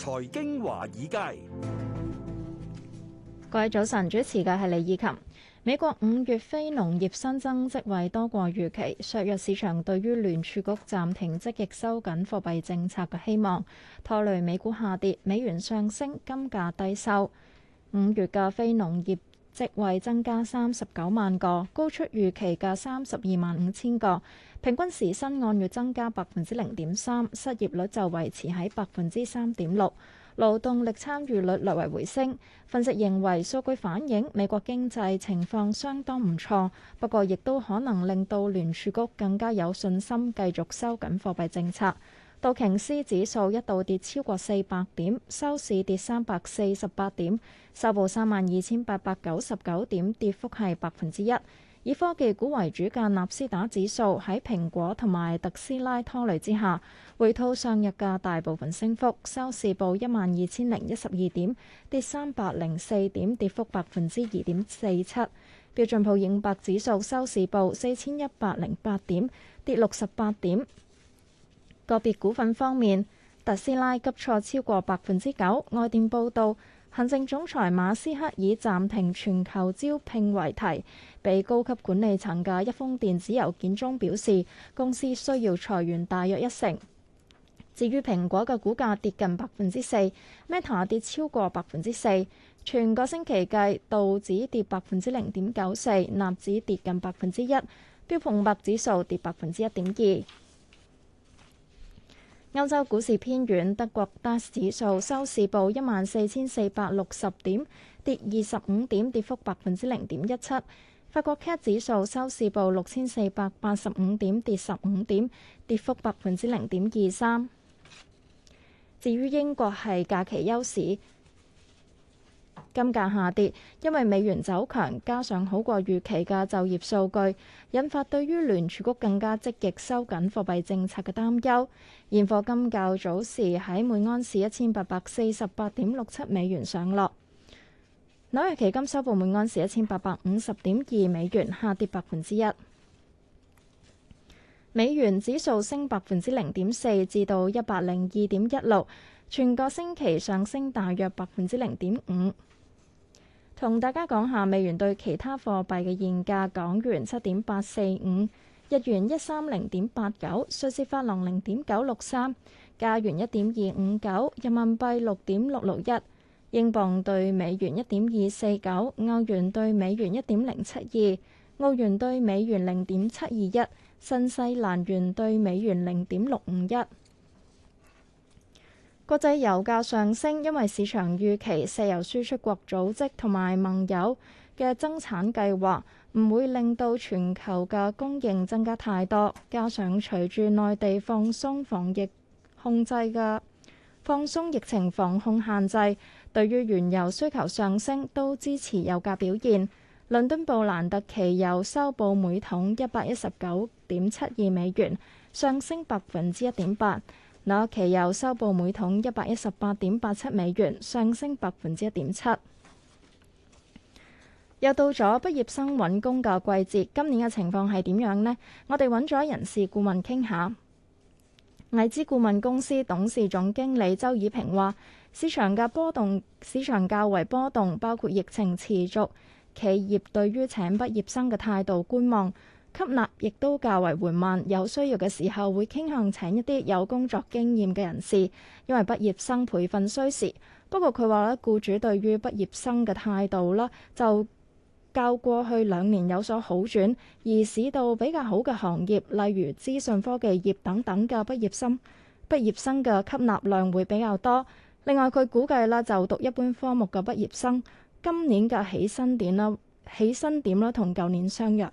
財經華爾街，各位早晨，主持嘅係李以琴。美國五月非農業新增職位多過預期，削弱市場對於聯儲局暫停積極收緊貨幣政策嘅希望，拖累美股下跌，美元上升，金價低收。五月嘅非農業職位增加三十九萬個，高出預期嘅三十二萬五千個，平均時薪按月增加百分之零點三，失業率就維持喺百分之三點六，勞動力參與率略為回升。分析認為數據反映美國經濟情況相當唔錯，不過亦都可能令到聯儲局更加有信心繼續收緊貨幣政策。道瓊斯指數一度跌超過四百點，收市跌三百四十八點，收報三萬二千八百九十九點，跌幅係百分之一。以科技股為主嘅納斯達指數喺蘋果同埋特斯拉拖累之下，回吐上日嘅大部分升幅，收市報一萬二千零一十二點，跌三百零四點，跌幅百分之二點四七。標準普爾五百指數收市報四千一百零八點，跌六十八點。個別股份方面，特斯拉急挫超過百分之九。外電報道，行政總裁馬斯克以暫停全球招聘為題，被高級管理層嘅一封電子郵件中表示，公司需要裁員大約一成。至於蘋果嘅股價跌近百分之四，Meta 跌超過百分之四。全個星期計，道指跌百分之零點九四，納指跌近百分之一，標普五百指數跌百分之一點二。歐洲股市偏軟，德國 DAX 指數收市報一萬四千四百六十點，跌二十五點，跌幅百分之零點一七。法國 CAC 指數收市報六千四百八十五點，跌十五點，跌幅百分之零點二三。至於英國係假期休市。金價下跌，因為美元走強，加上好過預期嘅就業數據，引發對於聯儲局更加積極收緊貨幣政策嘅擔憂。現貨金較早時喺每安士一千八百四十八點六七美元上落，紐約期金收報每安士一千八百五十點二美元，下跌百分之一。美元指數升百分之零點四，至到一百零二點一六。全個星期上升大約百分之零點五，同大家講下美元對其他貨幣嘅現價：港元七點八四五，日元一三零點八九，瑞士法郎零點九六三，加元一點二五九，人民幣六點六六一，英鎊對美元一點二四九，歐元對美元一點零七二，澳元對美元零點七二一，新西蘭元對美元零點六五一。國際油價上升，因為市場預期石油輸出國組織同埋盟友嘅增產計劃唔會令到全球嘅供應增加太多。加上隨住內地放鬆防疫控制嘅放鬆疫情防控限制，對於原油需求上升都支持油價表現。倫敦布蘭特期油收報每桶一百一十九點七二美元，上升百分之一點八。期油收報每桶一百一十八點八七美元，上升百分之一點七。又到咗畢業生揾工嘅季節，今年嘅情況係點樣呢？我哋揾咗人事顧問傾下，外資顧問公司董事總經理周以平話：市場嘅波動，市場較為波動，包括疫情持續，企業對於請畢業生嘅態度觀望。吸納亦都較為緩慢，有需要嘅時候會傾向請一啲有工作經驗嘅人士，因為畢業生培訓需時。不過佢話咧，僱主對於畢業生嘅態度啦，就較過去兩年有所好轉。而市道比較好嘅行業，例如資訊科技業等等嘅畢業生，畢業生嘅吸納量會比較多。另外，佢估計啦，就讀一般科目嘅畢業生今年嘅起薪點啦，起薪點啦，同舊年相若。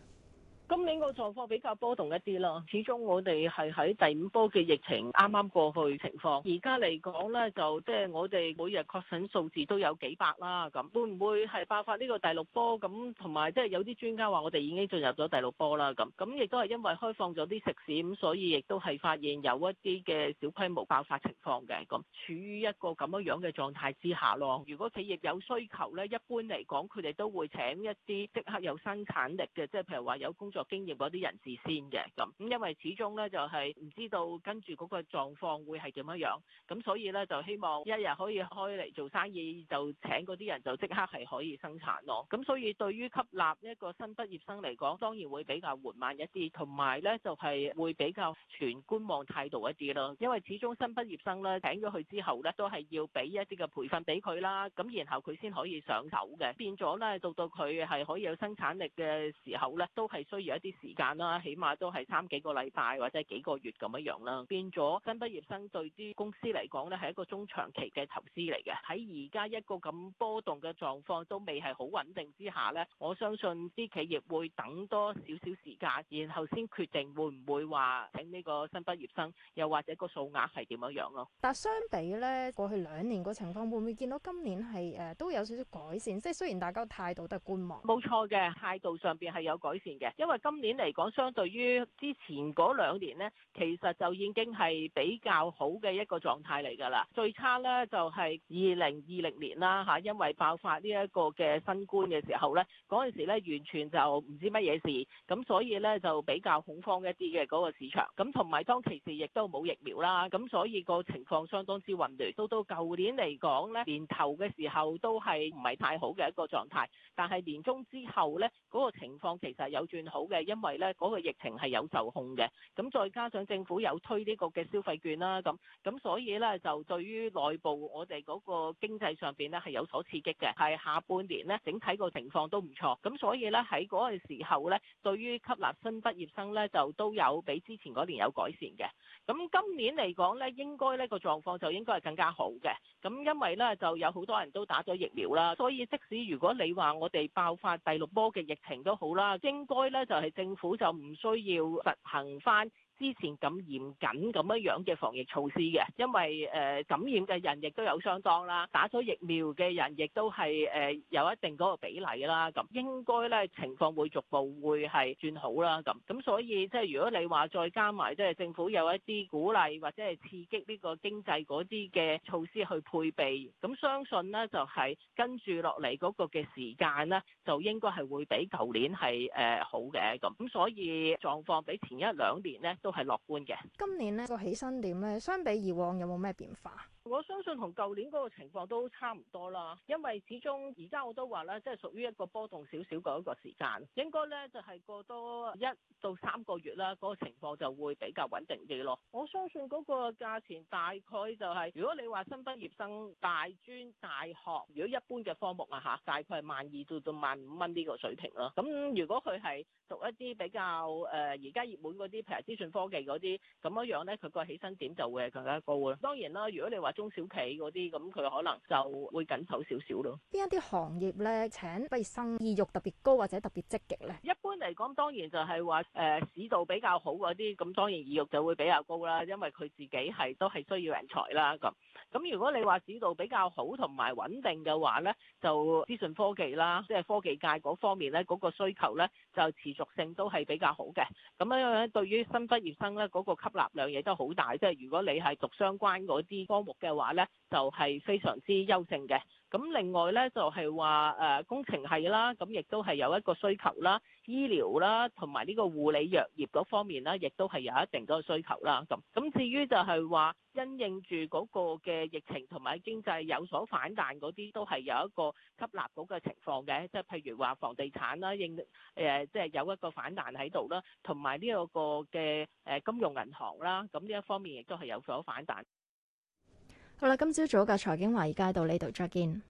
今年個狀況比較波動一啲咯，始終我哋係喺第五波嘅疫情啱啱過去情況，而家嚟講咧就即係我哋每日確診數字都有幾百啦，咁會唔會係爆發呢個第六波？咁同埋即係有啲專家話我哋已經進入咗第六波啦，咁咁亦都係因為開放咗啲食肆，咁所以亦都係發現有一啲嘅小規模爆發情況嘅，咁處於一個咁樣樣嘅狀態之下咯。如果企業有需求咧，一般嚟講佢哋都會請一啲即刻有生產力嘅，即係譬如話有工做經驗嗰啲人士先嘅咁，咁因為始終咧就係唔知道跟住嗰個狀況會係點樣。咁所以咧就希望一日可以開嚟做生意，就請嗰啲人就即刻係可以生產咯。咁所以對於吸納一個新畢業生嚟講，當然會比較緩慢一啲，同埋咧就係會比較全觀望態度一啲咯。因為始終新畢業生咧請咗佢之後咧，都係要俾一啲嘅培訓俾佢啦，咁然後佢先可以上手嘅。變咗咧，到到佢係可以有生產力嘅時候咧，都係需要，有一啲時間啦，起碼都係三幾個禮拜或者幾個月咁樣樣啦，變咗新畢業生對啲公司嚟講咧係一個中長期嘅投資嚟嘅。喺而家一個咁波動嘅狀況都未係好穩定之下咧，我相信啲企業會等多少少時間，然後先決定會唔會話請呢個新畢業生，又或者個數額係點樣樣咯。但相比咧過去兩年個情況，會唔會見到今年係誒都有少少改善？即係雖然大家態度都係觀望，冇錯嘅態度上邊係有改善嘅，因為。今年嚟講，相對於之前嗰兩年呢，其實就已經係比較好嘅一個狀態嚟㗎啦。最差呢，就係二零二零年啦，嚇，因為爆發呢一個嘅新冠嘅時候呢，嗰陣時呢，完全就唔知乜嘢事，咁所以呢，就比較恐慌一啲嘅嗰個市場。咁同埋當其時亦都冇疫苗啦，咁所以個情況相當之混亂。到到舊年嚟講呢，年頭嘅時候都係唔係太好嘅一個狀態，但係年中之後呢，嗰個情況其實有轉好。嘅，因為咧嗰個疫情係有受控嘅，咁再加上政府有推呢個嘅消費券啦，咁咁所以咧就對於內部我哋嗰個經濟上面咧係有所刺激嘅，係下半年咧整體個情況都唔錯，咁所以咧喺嗰個時候咧，對於吸納新畢業生咧就都有比之前嗰年有改善嘅，咁今年嚟講咧應該呢個狀況就應該係更加好嘅。咁因為咧，就有好多人都打咗疫苗啦，所以即使如果你話我哋爆發第六波嘅疫情都好啦，應該咧就係政府就唔需要實行翻之前咁嚴謹咁樣樣嘅防疫措施嘅，因為誒感染嘅人亦都有相當啦，打咗疫苗嘅人亦都係誒有一定嗰個比例啦。咁應該咧情況會逐步會係轉好啦。咁咁所以即係如果你話再加埋，即係政府有一啲鼓勵或者係刺激呢個經濟嗰啲嘅措施去配備，咁相信咧就係跟住落嚟嗰個嘅時間咧，就應該係會比舊年係誒好嘅。咁咁所以狀況比前一兩年咧。都係樂觀嘅。今年呢個起薪點呢？相比以往有冇咩變化？我相信同舊年嗰個情況都差唔多啦，因為始終而家我都話咧，即係屬於一個波動少少嘅一個時間，應該呢，就係過多一到三個月啦，嗰個情況就會比較穩定啲咯。我相信嗰個價錢大概就係，如果你話新畢業生大專、大學，如果一般嘅科目啊吓大概係萬二到到萬五蚊呢個水平咯。咁如果佢係讀一啲比較誒而家熱門嗰啲，譬如資訊。科技嗰啲咁樣樣咧，佢個起身點就會更加高啦。當然啦，如果你話中小企嗰啲，咁佢可能就會緊湊少少咯。邊一啲行業咧，請畢業生意欲特別高或者特別積極咧？一般嚟講，當然就係話誒市道比較好嗰啲，咁當然意欲就會比較高啦，因為佢自己係都係需要人才啦。咁咁如果你話市道比較好同埋穩定嘅話咧，就資訊科技啦，即係科技界嗰方面咧，嗰個需求咧就持續性都係比較好嘅。咁樣樣對於新畢生咧嗰個吸納量亦都好大，即係如果你係讀相關嗰啲科目嘅話咧，就係非常之優勝嘅。咁另外咧，就係話誒工程系啦，咁亦都係有一個需求啦。 醫療啦，同埋呢個護理藥業嗰方面啦，亦都係有一定嘅需求啦。咁咁至於就係話因應住嗰個嘅疫情同埋經濟有所反彈嗰啲，都係有一個吸納嗰個情況嘅。即係譬如話房地產啦，應誒、呃、即係有一個反彈喺度啦，同埋呢個嘅誒金融銀行啦，咁呢一方面亦都係有所反彈。好啦，今朝早嘅財經華爾街到呢度，再見。